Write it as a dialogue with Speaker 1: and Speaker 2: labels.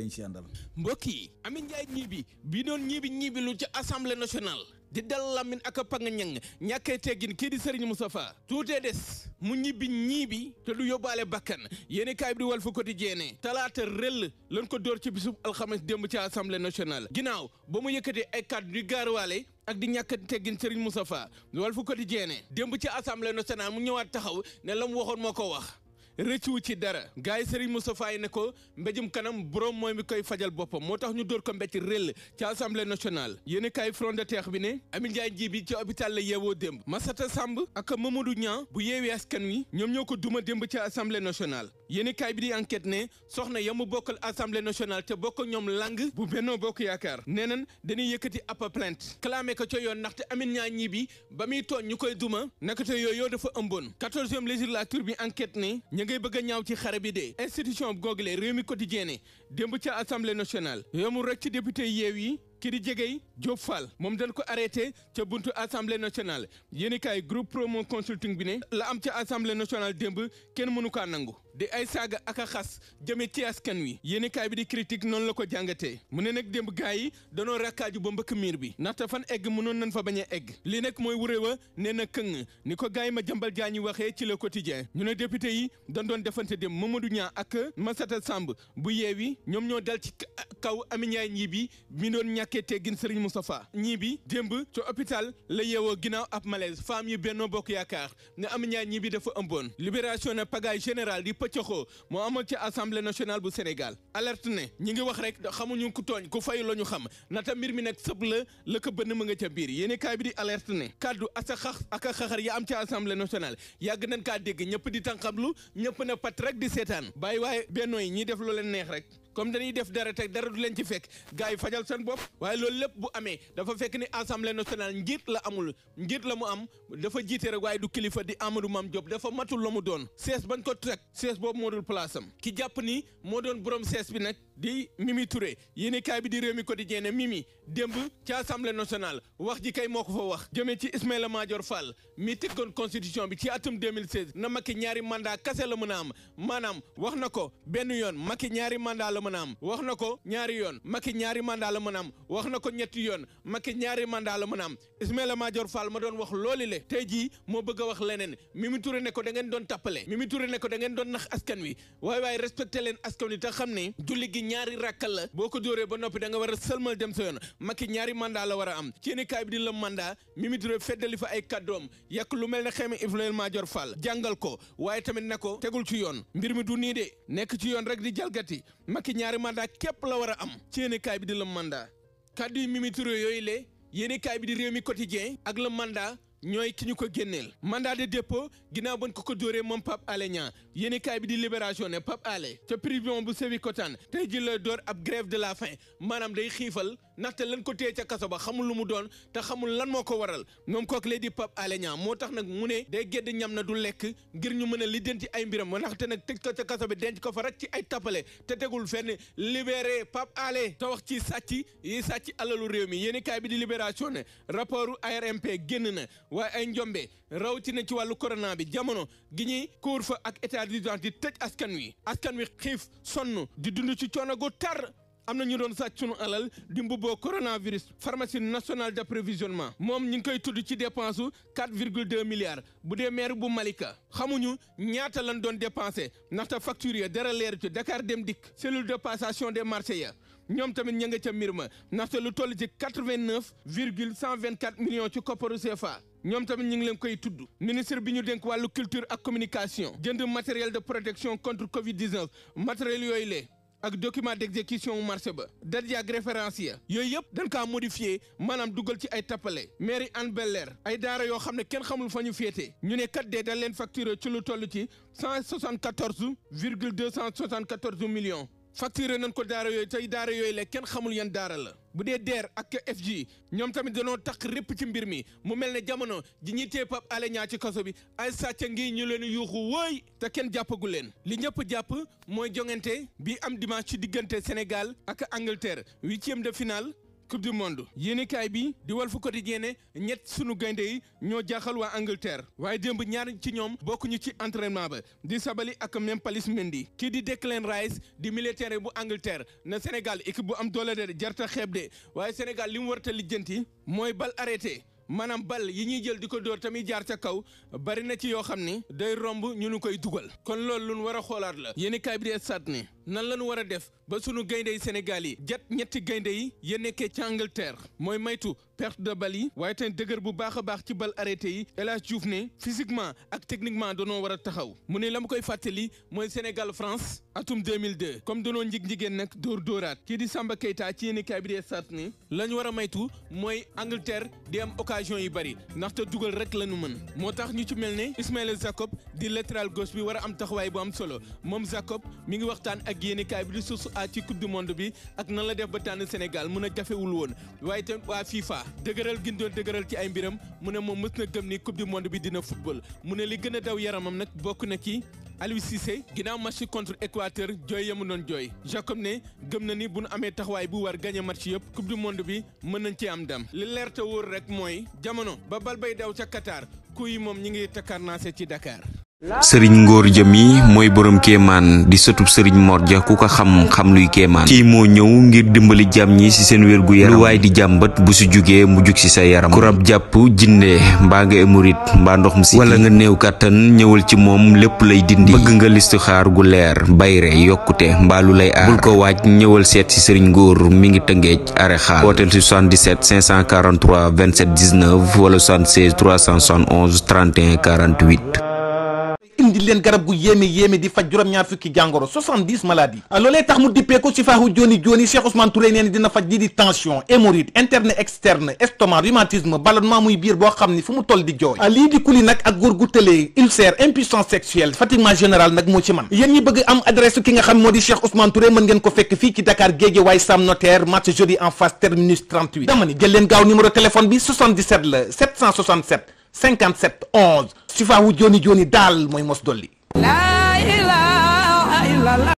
Speaker 1: lañ si àndal. mbokk yi Amin Ndiaye ñiibi bi doon ñiibi ñiibi lu ci assemblée nationale di dal Lamine ak a panga ñang ñàkkee teggin kii di Serigne Moustapha tuutee des mu ñibbi ñiibi te du yóbbaale bakkan yéeni kaay bi di Walf Quotidien talaata rëll lañ ko dóor ci bisub alxames demb ci assemblée nationale ginnaaw ba mu yëkkatee ay kàddu di gaaruwaale ak di ñàkk teggin Serigne Moustapha Walf Quotidien démb ci assemblée nationale mu ñëwaat taxaw ne la mu waxoon moo ko wax rëccu ci dara gars yi moso Moustapha yi ne ko mbéjum kanam borom mooy mi koy fajal boppam moo tax ñu door ko mbécc réll ca assemblée nationale yéen a kaay front de terre bi ne Ami Ndiaye ji bi ci hôpital la yeewoo démb Massata Samb ak Mamadou ñaam bu yeewee askan wi ñoom ñoo ko duma démb ca assemblée nationale yéeni kaay bi di enquête ne soxna ya mu bokkal assemblée nationale te bokk ñoom lang bu bennoo bokk yaakaar nee nañ dañuy yëkkati ab plainte clamé ko yoon ndaxte amin ñaa ñi bi ba muy tooñ ñu koy duma nakate yooyu dafa ëmboon quatorzième législature bi enquête ne ñu ngay bëgg ñaaw ci xare bi de institution googule réew mi quotidien ne démb ca assemblée nationale yomul rek ci député yeew yi kii di Diegane Diop Fall moom dañ ko arrêté ca buntu assemblée nationale yéen i kaay groupe promo consulting bi ne la am ca assemblée nationale démb kenn mënu kaa nangu di ay saaga ak a xas jëme ci askan wi yéen bi di critique noonu la ko jàngatee mu ne nag démb gaa yi danoo rakkaaju ba mbëkk miir bi ndaxte fan egg mënoon nañ fa bañ egg lii nag mooy wuré wa nee na këng ni ko gaa ma jëmbal jaa ñi waxee ci la le quotidien ñu ne député yi dañ doon defante démb Mamadou Niang ak Massata Samb bu yeewi ñoom ñoo dal ci kaw Ami ñàkkee teggin Serigne Moustapha ñii bi démb ca hôpital la yeewoo ginnaaw ab malaise femme yi Benno Bokk Yaakaar ne am ñaar ñii bi dafa ëmboon libération ne pagaille générale di pëccëxoo moo amoon ci assemblée nationale bu Sénégal alerte ne ñi ngi wax rek xamuñu ku tooñ ku fayu la ñu xam nata mbir mi nag sëb la la ko bënn mu nga ca biir yéeni kaay bi di alerte ne kaddu asa xax ak a xaxar ya am ci assemblée nationale yàgg nañ kaa dégg ñëpp di lu ñëpp na pat rek di seetaan bàyyi waaye bennoo yi ñiy def leen neex rek comme dañuy def dara teg dara du leen ci fekk gars yi fajal seen bopp waaye loolu lépp bu amee dafa fekk ni assemblée nationale njiit la amul njiit la mu am dafa jiite rek waaye du kilifa di Amadou Mame Diop dafa matul la mu doon sees bañ ko teg sees boobu moo dul place am ki jàpp ni moo doon borom sees bi nag di Mimi Touré yéeni kaay bi di mi Rewmi Quotidien ne Mimi démb ci assemblée national wax ji kay moo ko fa wax jëmee ci Ismaïla Madior Fall mi teggoon constitution bi ci atum 2016 na Macky ñaari mandat kase la mën a am maanaam wax na ko benn yoon Macky ñaari mën wax na ko ñaari yoon Macky ñaari mandat la mën am wax na ko ñetti yoon Macky ñaari mandat la mën a am Ismaïla Madior Fall ma doon wax looli le tey jii moo bëgg a wax leneen Mimi ne ko da ngeen doon tappale Mimi Touré ne ko da ngeen doon nax askan wi waaye waaye respecté leen askan wi te xam ne julli gi ñaari ràkkal la boo ko dóoree ba noppi da nga war a sëlmal dem sa yoon Macky ñaari mandat la war a am ci kaay bi di la mandat Mimi Touré feddali fa ay kàddoom yàq lu mel ne xeme Ismaïla Madior Fall jàngal ko waaye tamit ne ko tegul ci yoon mbir mi du nii de nekk ci yoon rek di jalgati ñaari mandat képp la war a am ci yéene kaay bi di la mandat kàddu yi Mimi yooyu le yéene kaay bi di réew mi quotidien ak la mandat ñooy ki ñu ko génneel mandat de dépôt ginnaaw bañ ko ko dóoree moom Pape Alé Niang yéenekaay bi di libération ne Pape Alé ca prison bu Sébikotane tey ji la door ab grève de la faim maanaam day xiifal ndaxte lan ko téye ca kaso ba xamul lu mu doon te xamul lan moo ko waral moom kook lay di Pape Alé Niang moo tax nag mu ne day gedd ñam na du lekk ngir ñu mën a ci ay mbiram ndaxte nag tëj ko ca kaso bi denc ko fa rek ci ay tappale te tegul fenn libéré Pape Alé te wax ci sàcc yi sàcc alalu réew mi yéenekaay bi di libération ne rapportu ARMP génn na waaye ay njombe rawatina ci wàllu corona bi jamono gi ñi couvre fa ak état d'urgence di tëj askan wi askan wi xiif sonn di dund ci coono gu tar am na ñu doon sàcc sunu alal di mbubboo coronavirus pharmacie nationale d'approvisionnement moom ñu ngi koy tudd ci dépense su quatre virgule deux milliards bu dee maire bu Malika xamuñu ñaata lan doon dépensé ndaxte facture ya dara leer ci Dakar dem dikk cellule de passation des marchés ya ñoom tamit ña nga ca mbir ma ndaxte lu toll ci quatre vingt neuf virgule cent vingt quatre millions ci kopparu CFA. ñoom tamit ñu ngi leen koy tudd ministre bi ñu dénk wàllu culture ak communication jënd matériel de protection contre Covid 19 matériel yooyu le ak document d'exécution marché ba date yaag référence ya yooyu yëpp dañ kaa modifié maanaam dugal ci ay tappale mairie Hann bel ay daara yoo xam ne kenn xamul fa ñu féete ñu ne kat dee dañ leen facturé ci lu toll ci cent soixante quatorze virgule deux cent soixante quatorze millions facturé nañ ko daara yooyu tey daara yooyu le kenn xamul yan daara la bu dee DER ak FJ ñoom tamit danoo takk répp ci mbir mi mu mel ne jamono ji ñuy téye Pape Alé Niang ci kaso bi ay sàcc ngi ñu leen yuuxu wooy te kenn jàppagu leen li ñëpp jàpp mooy jongante bi am dimanche ci diggante Sénégal ak Angleterre huitième de finale coupe du monde yéenekaay bi di ko di ne ñett suñu gaynde yi ñoo jaaxal waa Angleterre waaye démb ñaar ci ñoom bokkuñu ci entraînement ba di Sabali ak Nampalys Mendy kii di Declan Rice di militaire bu Angleterre na Sénégal équipe bu am doole de jarta xeeb de waaye Sénégal li mu warta lijjanti mooy bal arrêté maanaam bal yi ñuy jël di ko dóor tamit jaar ca kaw bari na ci yoo xam ni day romb ñu nu koy dugal kon loolu lu nu war a xoolaat la yéenekaay bi di Stades nan la ñu war a def ba sunu gaynde yi Sénégal yi jat ñetti gaynde yi ya nekkee ci Angleterre mooy maytu perte de balle yi waaye tamit dëgër bu baax a baax ci bal arrêté yi El Hadj Diouf ne physiquement ak techniquement danoo war a taxaw mu ne la mu koy fàttali mooy Sénégal France atum 2002 comme danoo njig njigéen nag dóor dóoraat kii di Samba Keita ci yéeni kaay bi dee sat ni la ñu war a maytu mooy Angleterre di am occasion yi bëri ndaxte dugal rek la ñu mën moo tax ñu ci mel ne Ismaël Jacob di latéral gauche bi war a am taxawaay bu am solo ak yéenekaay bi di source a ci coupe monde bi ak na la def ba tànn Sénégal mun a jafewul woon waaye tamit waa FIFA dëgëral gi doon dëgëral ci ay mbiram mu ne moom mës na gëm ni coupe du monde bi dina football mu ne li gën a daw yaramam nag bokk na ci Aliou Cissé ginnaaw match contre Équateur jooy yamu doon jooy Jacob ne gëm na ni bu nu amee taxawaay bu war gagné match yëpp coupe du monde bi mën nañ ci am dam li leerte te wóor mooy jamono ba bal bay daw ca Qatar ku yi moom ñi ngi takkaar naase ci Dakar sëriñ ngóor jëm yi mooy borom kemaan di sëtub sëriñ Mor Ja ku ko xam xam luy kéemaan kii moo ñëw ngir dimbali jàmm ñi ci seen wér gu yaram lu waay di jàmbat bu si jugee mu jug ci sa yaram ku rab jàpp jinne mbaa nga émurit mbaa ndox mu si wala nga néew kàttan ñëwal ci moom lépp lay dindi bëgg nga listixaar gu leer bayre yokkute mbaa lu lay aar bul ko ñëwal seet ci sëriñ ngóor mi ngi tëngeej are xaal hôtel 77 543 27 19 wala andil leen garab gu yéeme yéeme di faj juróom-ñaar fukki jàngoro 70 maladies ah, loolee tax mu dippee ko si faaxu joni joni Cheikh Ousmane dina faj lii di tension hémorroïde interne externe estomac rhumatisme ballonnement muy biir boo xam ni fu mu toll di jooy ah, lii di kuli nag ak góor gu tëlee ulcère impuissance sexuelle fatiguement général nag moo ci man yéen ñi bëgg am adresse ki nga xam moo di Cheikh Ousmane Touré mën ngeen ko fekk fii ci Dakar 57 11 Sufa wu joni joni daal mooy mos dolli.